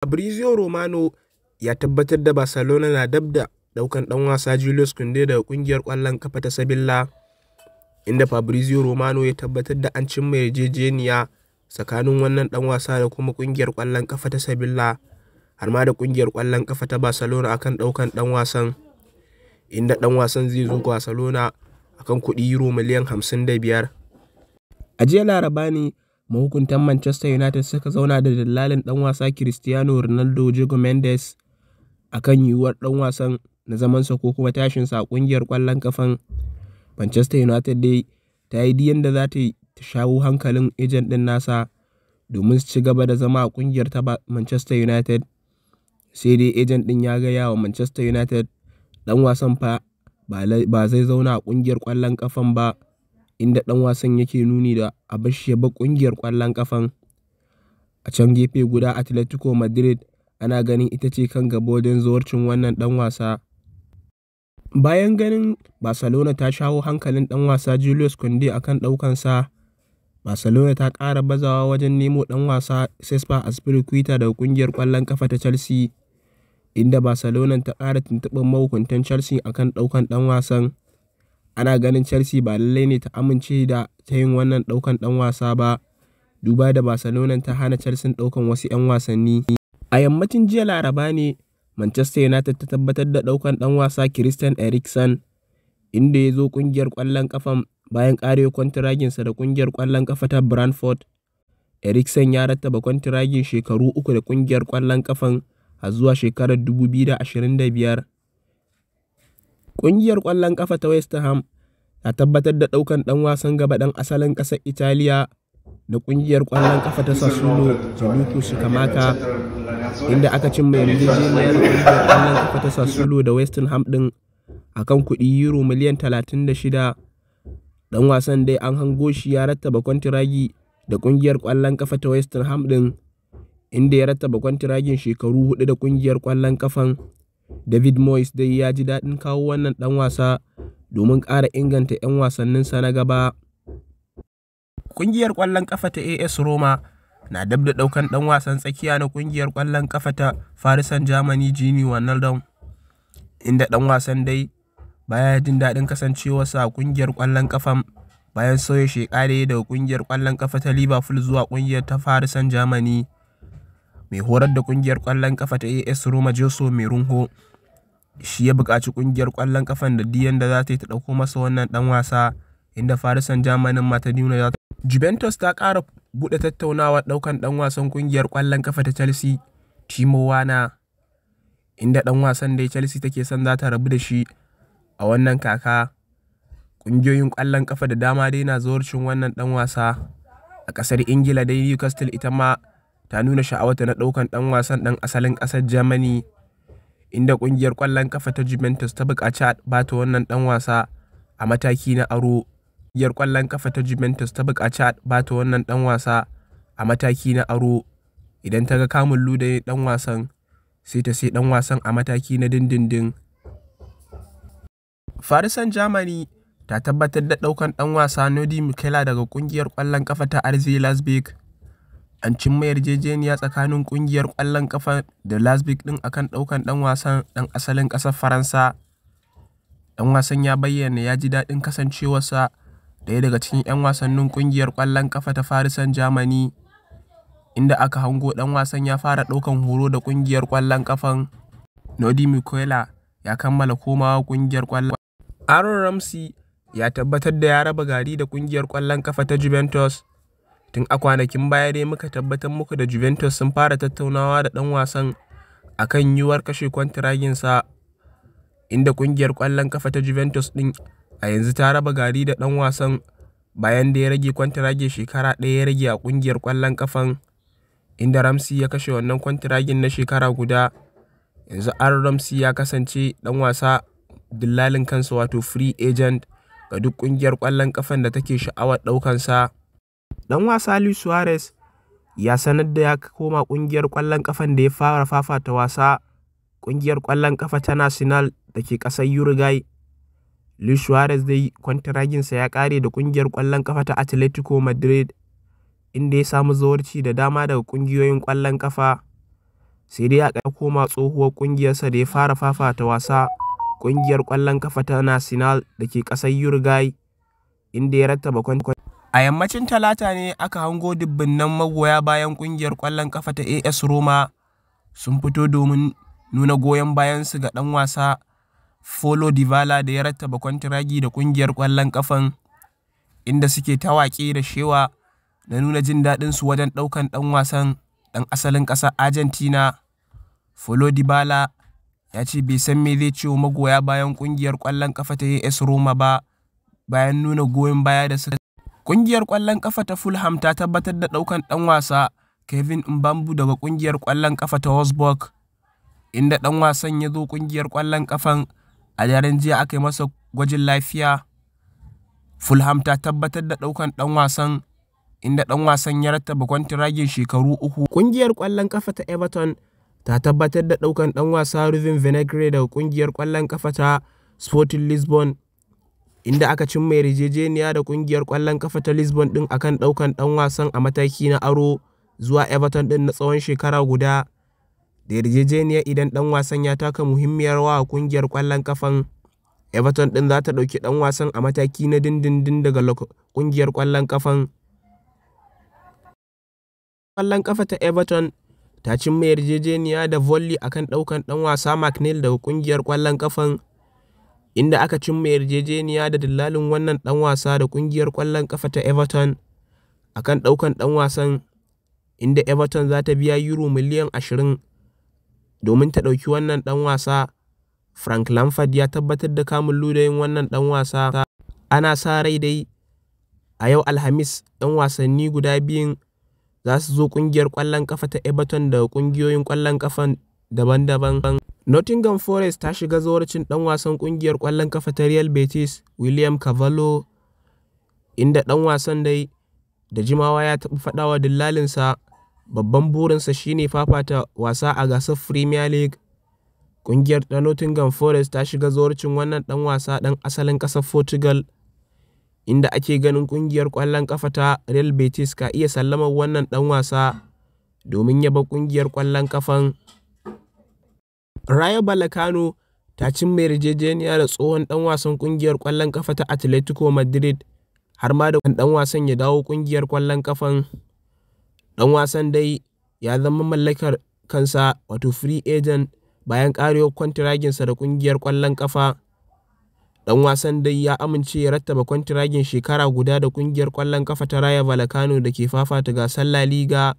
Fabrizio Romano ya tabbatar da Barcelona na dab da daukan dan wasa Julius Kunde daga kungiyar kwallon kafa ta sabilla inda Fabrizio Romano ya tabbatar da an cimma yarjejeniya tsakanin wannan dan wasa da kuma kungiyar kwallon kafa ta sabilla har ma da kungiyar kwallon kafa ta Barcelona akan daukan dan wasan, inda dan wasan zai zo Barcelona akan kudi kuɗi Euro miliyan 55. A jiya Laraba ne mahukuntan Manchester United suka zauna da dalalin ɗan wasa Cristiano Ronaldo Diego Mendes a kan yiwuwar ɗan wasan na zamansa ko kuma tashinsa a kungiyar ƙwallon kafan Manchester United dai ta yi diyan da za ta shawo hankalin ejen ɗin nasa domin su ci gaba da zama a ƙungiyar ta Manchester United sai dai ejen ɗin ya gaya wa Manchester United ɗan wasan fa ba zai zauna a kungiyar kwallon kafan ba. inda ɗan wasan yake nuni da a ba shi ya bar ƙungiyar ƙwallon ƙafan. A can gefe guda Atletico Madrid ana ganin ita ce kan gaba wajen zuwarcin wannan ɗan wasa. Bayan ganin Barcelona ta shawo hankalin ɗan wasa Julius kunde a kan ɗaukansa, Barcelona ta kara bazawa wajen nemo ɗan wasa Cesar Azpilicueta daga ƙungiyar kwallon ƙafa ta Chelsea, inda Barcelona ta ƙara tuntuɓin mahukuntan Chelsea a kan ɗaukan ɗan wasan. Ana ganin Chelsea ba lallai ne ta amince da ta yin wannan ɗaukan ɗan wasa ba, duba da barcelona ta hana Chelsea ɗaukan wasu 'yan wasanni. A yammacin jiya Laraba ne Manchester United ta tabbatar da ɗaukan ɗan wasa Christian Eriksen, inda ya zo ƙungiyar kwallon ƙafan bayan ƙare kwantiraginsa da ƙungiyar kwallon kafa ta Brentford. Eriksen ya rattaba kwantiragin shekaru uku da kungiyar kwallon ƙafan har zuwa shekarar 2025. kungiyar kwallon kafa ta West Ham ta tabbatar da ɗaukan ɗan wasan gaba ɗan asalin ƙasar Italiya da kungiyar ƙwallon ƙafa ta Sassuolo Luku Shikamaka inda aka cin mai yarjejeniyar kungiyar ƙwallon ƙafa ta Sassuolo da West Ham ɗin akan kuɗi euro miliyan 36 ɗan wasan dai an hango shi ya rattaba kwantiragi da kungiyar kwallon kafa ta West Ham ɗin inda ya rattaba kwantiragin shekaru hudu da kungiyar kwallon ƙafan David Moyes dai ya ji daɗin kawo wannan ɗan wasa domin ƙara inganta 'yan wasanninsa na gaba. Ƙungiyar ƙwallon ƙafa ta AS Roma na dab da ɗaukan ɗan wasan tsakiya na ƙungiyar ƙwallon ƙafa ta farisan Saint-Germain Gini Wijnaldum, inda ɗan wasan dai baya jin daɗin kasancewarsa a ƙungiyar ƙwallon ƙafan bayan sauya shekare da daga ƙungiyar ƙwallon ƙafa ta Liverpool zuwa ƙungiyar ta farisan saint mai horar da kungiyar kwallon kafa ta AS Roma Jose Mourinho shi ya buƙaci kungiyar kwallon kafan da diyan da za ta yi ta ɗauko masa wannan ɗan wasa inda Paris Saint-Germain ma ta nuna za Juventus ta ƙara buɗe tattaunawa ɗaukan ɗan wasan kungiyar kwallon kafa ta Chelsea Timo Wana inda ɗan wasan da Chelsea take son za ta rabu da shi a wannan kaka kungiyoyin kwallon kafa da dama dai na zuwarcin wannan ɗan wasa a ƙasar ingila da newcastle ita ma ta nuna sha'awata na ɗaukan ɗan wasan ɗan asalin ƙasar Germany inda ƙungiyar ƙwallon kafa ta Juventus ta buƙaci a bata wannan ɗan wasa a mataki na aro. Ƙungiyar ƙwallon kafa ta Juventus ta buƙaci a bata wannan ɗan wasa a mataki na aro idan ta ga kamun ludayin ɗan wasan sai ta sai ɗan wasan a mataki na dindindin. Farisan Germany ta tabbatar da ɗaukan ɗan wasa Nodi Mikela daga ƙungiyar ƙwallon kafa ta arzi Leipzig An cimma yarjejeniya tsakanin kungiyar kwallon ƙafa da lasbik ɗin akan ɗaukan dan ɗan wasan ɗan asalin ƙasar Faransa, ɗan wasan ya bayyana ya ji daɗin kasancewarsa ɗaya daga cikin 'yan wasannin kungiyar kwallon kafa ta farisan jamani inda aka hango ɗan wasan ya fara ɗaukan horo da kungiyar kwallon ƙafan, nodi Mikuela ya kammala komawa ƙungiyar ƙwallon aron Ramsey ya tabbatar da ya raba gari da kungiyar ƙwallon ƙafa ta Juventus. Tun a kwanakin baya dai muka tabbatar muku da Juventus sun fara tattaunawa da ɗan wasan a kan yiwuwar kashe kwantiraginsa, inda ƙungiyar kwallon kafa ta Juventus ɗin a yanzu ta raba gari da ɗan wasan bayan da ya rage kwantiragin shekara ɗaya ya rage a kungiyar kwallon ƙafan, inda Ramsey ya kashe wannan kwantiragin na shekara guda. Yanzu an Ramsey ya kasance ɗan wasa dillalin kansa wato free agent ga duk ƙungiyar kwallon kafan da take sha'awar sa dan wasa Luis Suarez ya sanar da ya koma kungiyar kwallon kafan da ya fara fafata wasa ƙungiyar kwallon kafa ta Nacional da ke ƙasar Uruguay. Luis Suarez dai kwantaraginsa ya kare da kungiyar ƙwallon kafa ta Atletico Madrid inda ya samu zawarci da dama daga ƙungiyoyin ƙwallon kafa Sai dai ya koma tsohuwar sa da ya fara fafata wasa ƙungiyar ƙwallon ƙafa ta Nacional da ke ƙasar Uruguay inda ya rattaba kwantaraginsa. A yammacin Talata ne aka hango nan magoya bayan ƙungiyar kwallon ƙafa ta AS Roma sun fito domin nuna goyon bayan su ga ɗan wasa Paulo Dybala da ya rattaba kwantiragi da kungiyar kwallon ƙafan, inda suke ta waƙe da shewa na nuna jin su wajen ɗaukan ɗan wasan ɗan asalin ƙasar Argentina. Paulo Dybala ya ce bai san me zai ce magoya bayan ƙungiyar ƙwallon kafa ta AS Roma ba bayan nuna goyon baya da suka Ƙungiyar ƙwallon ƙafa ta Fulham ta tabbatar da ɗaukan ɗan wasa Kevin Mbambu daga ƙungiyar ƙwallon ƙafa ta Wolfsburg, inda ɗan wasan ya zo ƙungiyar ƙwallon ƙafan a daren jiya aka yi masa gwajin lafiya. Fulham ta tabbatar da ɗaukan ɗan wasan inda ɗan wasan ya rattaba kwantiragin shekaru uku. Ƙungiyar ƙwallon ƙafa ta Everton ta tabbatar da ɗaukan ɗan wasa Ruben Venegre daga ƙungiyar ƙwallon ƙafa ta Sporting Lisbon inda aka cimma yarjejeniya da kungiyar ƙwallon kafa ta Lisbon ɗin akan ɗaukan ɗan wasan a mataki na aro zuwa Everton ɗin na tsawon shekara guda da rijejeniya idan ɗan wasan ya taka muhimmiyar wa a ƙungiyar ƙwallon ƙafan Everton ɗin za ta ɗauki ɗan wasan a mataki na dindindin daga ƙungiyar ƙwallon ƙafan. Ƙwallon ƙafa ta Everton ta cimma yarjejeniya da Volley akan ɗaukan ɗan wasa McNeil daga ƙungiyar ƙwallon kafan inda aka cimma yarjejeniya da dillalin wannan ɗan wasa da ƙungiyar kwallon ƙafa ta Everton a kan ɗaukan ɗan wasan, inda Everton za ta biya Euro miliyan 20 domin ta ɗauki wannan ɗan wasa. Frank Lampard ya tabbatar da kamun ludayin wannan ɗan wasa. Ana sa rai dai a yau Alhamis ɗan wasanni guda biyun za su zo ƙungiyar kwallon kafa ta Everton daga ƙungiyoyin kwallon ƙafa daban-daban. Nottingham Forest ta shiga zawarcin ɗan wasan ƙungiyar kwallon kafa ta Real Betis William Cavallo inda ɗan wasan dai da jimawa ya taɓa faɗawa dillalinsa babban burinsa shine fafata wasa a gasar Premier League. Ƙungiyar ta Nottingham Forest ta shiga zawarcin wannan ɗan wasa ɗan asalin ƙasar Portugal, inda ake ganin ƙungiyar kwallon kafa ta Real Betis ka iya sallamar wannan ɗan wasa domin ya bar ƙungiyar ƙwallon kafan. raya-balakano ta cimma yarjejeniya da tsohon dan wasan kungiyar kwallon kafa ta Atletico Madrid har ma da ɗan wasan ya dawo kungiyar kwallon kafan dan wasan dai ya zama mallakar kansa wato free agent bayan ƙarewar kwantiraginsa da kungiyar kwallon kafa dan wasan dai ya amince ya rattaba kwantiragin shekara guda da kungiyar kwallon kafa ta raya Balakano da ke fafata gasar La Liga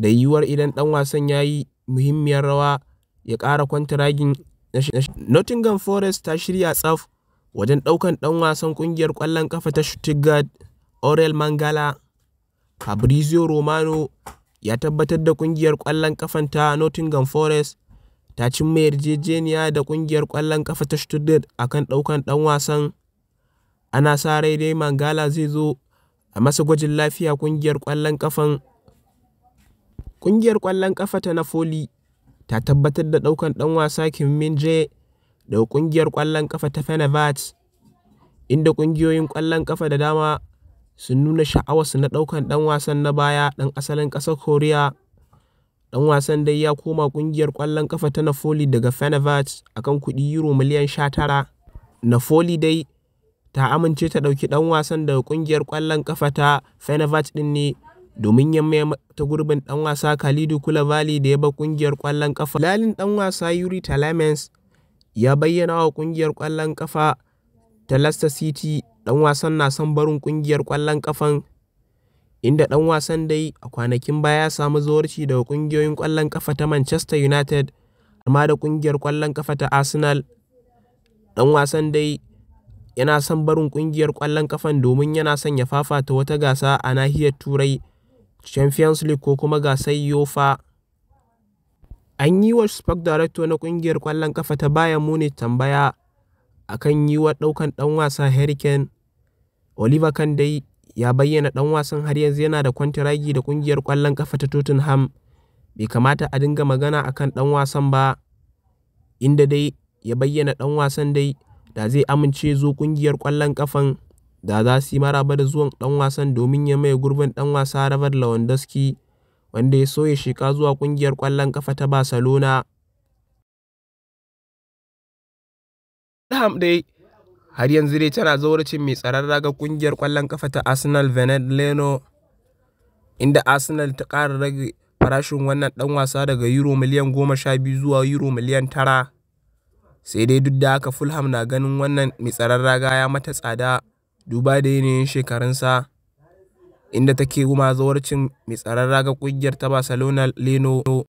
da yiwuwar idan dan wasan ya yi muhimmiyar rawa ya ƙara kwantiragin Nottingham Forest ta shirya tsaf wajen ɗaukan ɗan wasan ƙungiyar kwallon kafa ta Stuttgart aurel Mangala. Fabrizio Romano ya tabbatar da ƙungiyar kwallon ƙafan ta Nottingham Forest ta cimma yarjejeniya da ƙungiyar ƙwallon ƙafa ta Stuttgart akan ɗaukan ɗan wasan. Ana sa rai dai Mangala zai zo a masa gwajin lafiya ƙungiyar ƙwallon ƙafan. Ƙungiyar ƙwallon ƙafa ta Napoli ta tabbatar da ɗaukan ɗan wasa Kim Min-jae daga ƙungiyar ƙwallon ƙafa ta Fenerbahce, inda ƙungiyoyin ƙwallon ƙafa da dama sun nuna sha'awarsu na ɗaukan ɗan wasan na baya ɗan asalin ƙasar Koriya. Ɗan wasan dai ya koma ƙungiyar ƙwallon ƙafa ta Napoli daga Fenerbahce akan kan kuɗi Euro miliyan 19. Napoli dai ta amince ta ɗauki ɗan wasan daga ƙungiyar ƙwallon ƙafa ta Fenerbahce ɗin ne domin ya maye ta gurbin dan wasa kula Kulavali da ya bar ƙungiyar kwallon ƙafa. Lalin ɗan wasa Yuri Talamens ya bayyana wa kungiyar kwallon kafa ta Leicester City dan wasan na son barin kungiyar kwallon kafan inda dan wasan dai a kwanakin baya ya samu zuwarci daga kungiyoyin kwallon kafa ta Manchester United amma da kungiyar kwallon kafa ta Arsenal. dan wasan dai yana son barin kungiyar kwallon ƙafan domin yana son ya fafata wata gasa a nahiyar Turai. Champions League ko kuma gasar UEFA. An yi wa Sporting Director na ƙungiyar kwallon kafa ta bayan Munich tambaya a kan wa ɗaukan ɗan wasa Harry Kane. Oliver Kahn dai ya bayyana ɗan wasan har yanzu yana da kwantiragi da ƙungiyar kwallon kafa ta Tottenham. Bai kamata a dinga magana a kan ɗan wasan ba, inda dai ya bayyana ɗan wasan dai da zai amince zo ƙungiyar kwallon ƙafan. da za su yi maraba da zuwan ɗan wasan domin ya maye gurbin ɗan wasa Robert Lewandowski wanda ya sauya sheka zuwa ƙungiyar kwallon kafa ta Barcelona. fulham dai har yanzu dai tana zawarcin mai tsaron raga ƙungiyar kwallon kafa ta Arsenal venet Leno inda Arsenal ta ƙara rage farashin wannan ɗan wasa daga euro miliyan goma sha biyu zuwa euro miliyan tara sai dai duk da haka fulham na ganin wannan mai tsaron raga ya mata tsada duba da yanayin shekarunsa, inda take gumazawar cin mai tsaron raga ƙungiyar ta Barcelona Lionel.